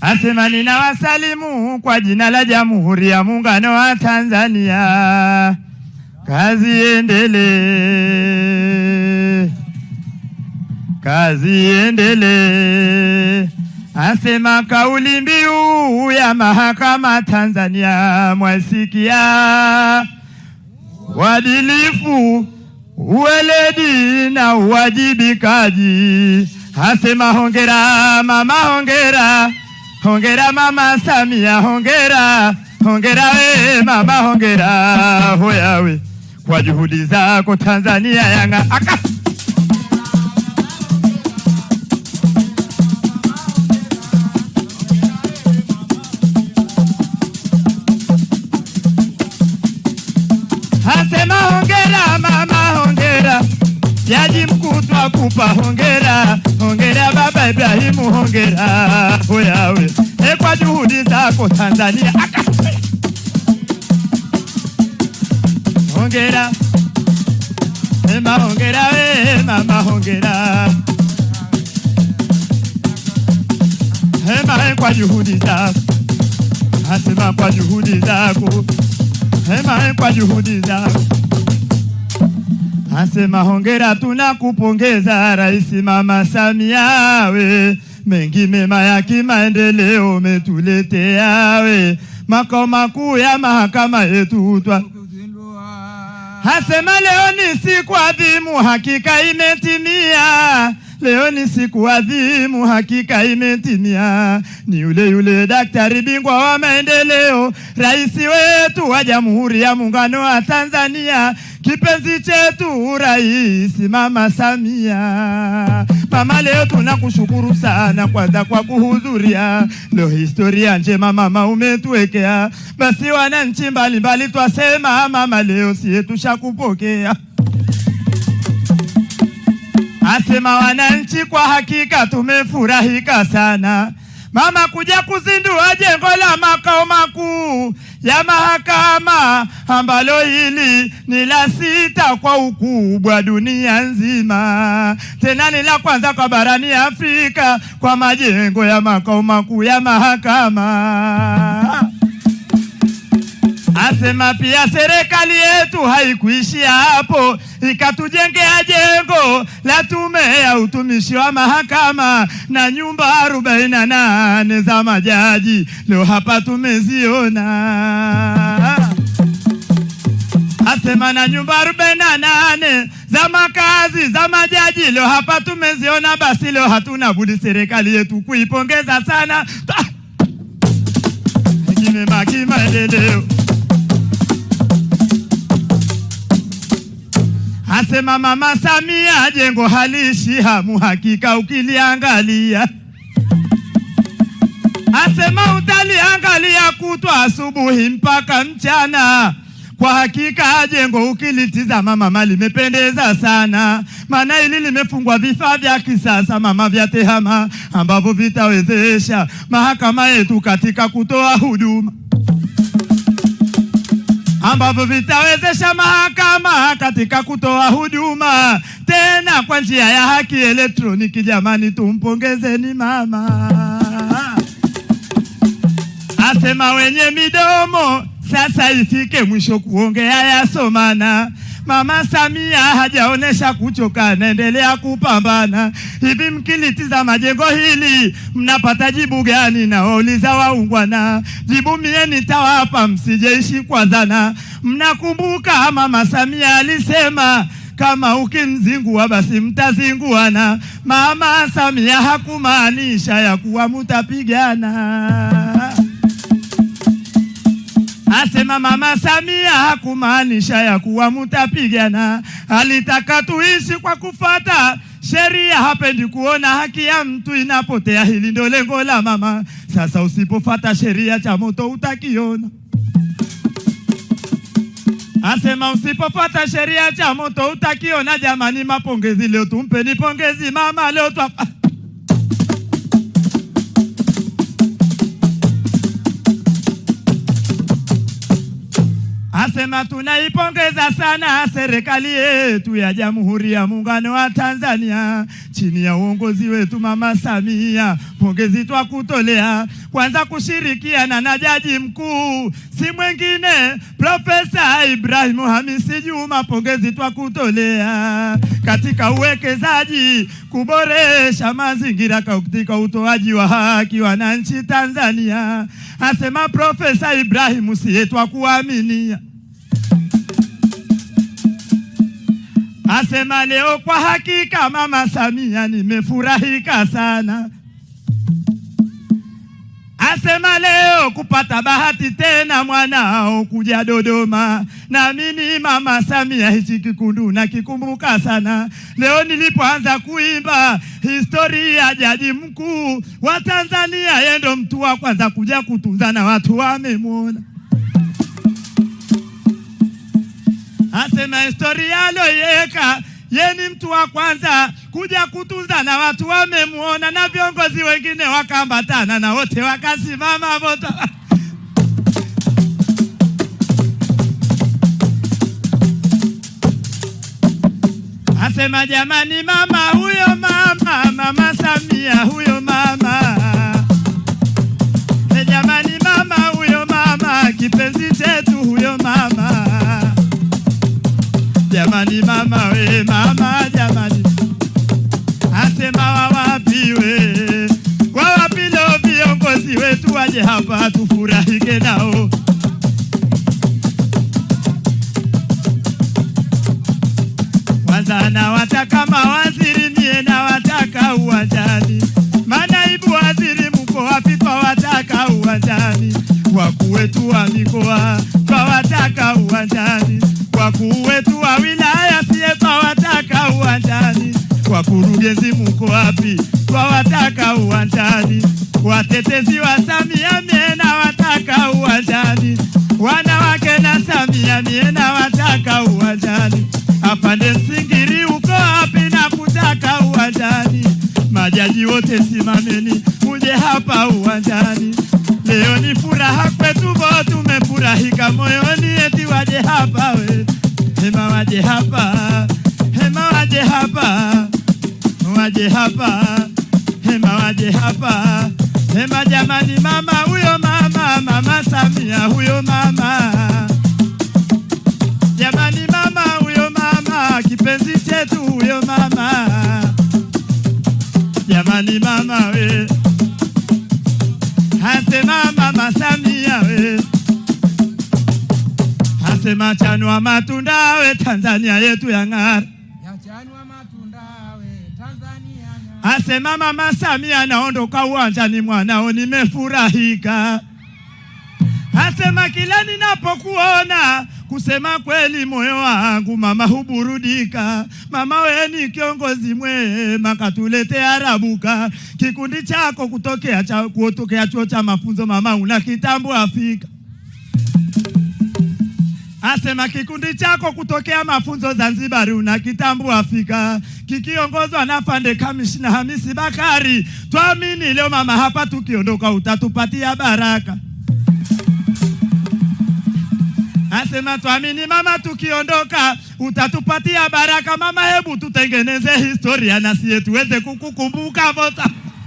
Asema nina wasalimu kwa jina la Jamhuri ya Muungano wa Tanzania, kazi endele, kazi endele. Asema kauli mbiu ya mahakama Tanzania mwasikia, uadilifu, uweledi na uwajibikaji Asema hongera mama, hongera hongera mama Samia, hongera hongera we mama, hongera hoyawe kwa juhudi zako Tanzania yanga aka Asema hongera mama, hongera jaji mkuu twakupa hongera Angalia baba Ibrahimu hongera wewe e kwa juhudi zako Tanzania aka hongera Ema hongera we mama hongera Hema e, kwa juhudi zako Asema kwa juhudi zako Hema e, kwa juhudi zako Asema hongera, tunakupongeza Rais Mama Samia, we mengi mema ya kimaendeleo umetuletea we, makao makuu ya mahakama yetu utwa. Hasema leo ni siku adhimu, hakika imetimia Leo ni siku adhimu, hakika imetimia. Ni yule yule daktari bingwa wa maendeleo, rais wetu wa Jamhuri ya Muungano wa Tanzania, kipenzi chetu rais Mama Samia. Mama, leo tunakushukuru sana kwanza kwa kuhudhuria. Leo historia njema mama umetuwekea, basi wananchi mbalimbali twasema mama, leo sie tushakupokea Asema wananchi, kwa hakika tumefurahika sana mama kuja kuzindua jengo la makao makuu ya mahakama ambalo hili ni la sita kwa ukubwa dunia nzima, tena ni la kwanza kwa barani Afrika kwa majengo ya makao makuu ya mahakama. Asema pia serikali yetu haikuishia hapo, ikatujengea jengo la tume ya utumishi wa mahakama na nyumba arobaini na nane za majaji. Leo hapa tumeziona. Asema na nyumba arobaini na nane za makazi za majaji leo hapa tumeziona. Basi leo hatuna budi serikali yetu kuipongeza sana. Kimemaki ah! maendeleo Asema Mama Samia jengo halishi hamu, hakika ukiliangalia. Asema utaliangalia kutwa asubuhi mpaka mchana. Kwa hakika jengo ukilitizama mama, limependeza sana, maana hili limefungwa vifaa vya kisasa mama, vya tehama ambavyo vitawezesha mahakama yetu katika kutoa huduma ambavyo vitawezesha mahakama katika kutoa huduma tena kwa njia ya haki elektroniki. Jamani, tumpongezeni mama, asema wenye midomo sasa ifike mwisho kuongea yasomana. Mama Samia hajaonesha kuchoka, naendelea kupambana. Hivi mkilitiza majengo hili mnapata jibu gani? Nawauliza waungwana, jibu mie nitawapa, msijeishi kwa dhana. Mnakumbuka Mama Samia alisema kama ukimzingua basi mtazinguana. Mama Samia hakumaanisha ya kuwa mutapigana. Asema Mama Samia hakumaanisha ya kuwa mtapigana, alitaka tuishi kwa kufata sheria. Hapendi kuona haki ya mtu inapotea, hili ndio lengo la mama. Sasa usipofata sheria cha moto utakiona. Asema usipofata sheria cha moto utakiona. Jamani, mapongezi leo, tumpeni pongezi mama leo twa Anasema tunaipongeza sana serikali yetu ya Jamhuri ya Muungano wa Tanzania chini ya uongozi wetu Mama Samia, pongezi kutolea Kwanza kushirikiana na jaji mkuu si mwingine Profesa Ibrahimu Hamisi Juma, pongezi twakutolea katika uwekezaji kuboresha mazingira katika utoaji wa haki wananchi Tanzania, asema Profesa Ibrahimu siye twakuaminia Asema leo kwa hakika Mama Samia nimefurahika sana. Asema leo kupata bahati tena mwanao kuja Dodoma. mimi Mama Samia hichi kikundu nakikumbuka sana. Leo nilipoanza kuimba historia jaji mkuu wa Tanzania, yeye ndo mtu wa kwanza kuja kutunza na watu wamemwona asema historia aloiweka ye ni mtu wa kwanza kuja kutunza, na watu wamemuona na viongozi wengine wakaambatana na wote wakasimama moto. Asema jamani, mama huyo, mama mama Samia huyo mama, e jamani, mama huyo mama kipenzi waje hapa tufurahike nao. Kwanza nawataka mawaziri, mie nawataka uwanjani. Manaibu waziri mko wapi? Twawataka uwanjani. Wakuu wetu wa mikoa twawataka uwanjani. Wakuu wetu wa wilaya sie twawataka uwanjani. Wakurugenzi mko wapi? Twawataka uwanjani. Watetezi wa Samia mie na wataka uwanjani, wanawake na Samia mie na wataka uwanjani, apande Msingiri uko wapi na kutaka uwanjani, majaji wote simameni muje hapa uwanjani. Leo ni furaha kwetu bo, tumefurahika moyoni, eti waje hapa we, hema waje hapa, hema waje hapa, waje hapa, hema waje hapa ema jamani, mama huyo, mama mama Samia huyo mama, jamani, mama huyo, mama kipenzi chetu huyo mama, jamani, mama we, hasema mama Samia we, hasema chanwa matunda we, Tanzania yetu yang'ara Asema Mama Samia naondoka uwanjani, mwanao nimefurahika. Asema kila ninapokuona kusema kweli moyo wangu mama huburudika. Mama we ni kiongozi mwema, katulete arabuka Kikundi chako kutokea cha, kutokea chuo cha mafunzo mama unakitambua Afrika Asema kikundi chako kutokea mafunzo Zanzibar unakitambua Afrika, kikiongozwa na Fande Kamishna Hamisi Bakari. Twamini leo mama, hapa tukiondoka utatupatia baraka. Asema twamini mama, tukiondoka utatupatia baraka. Mama, hebu tutengeneze historia na siye tuweze kukukumbuka vota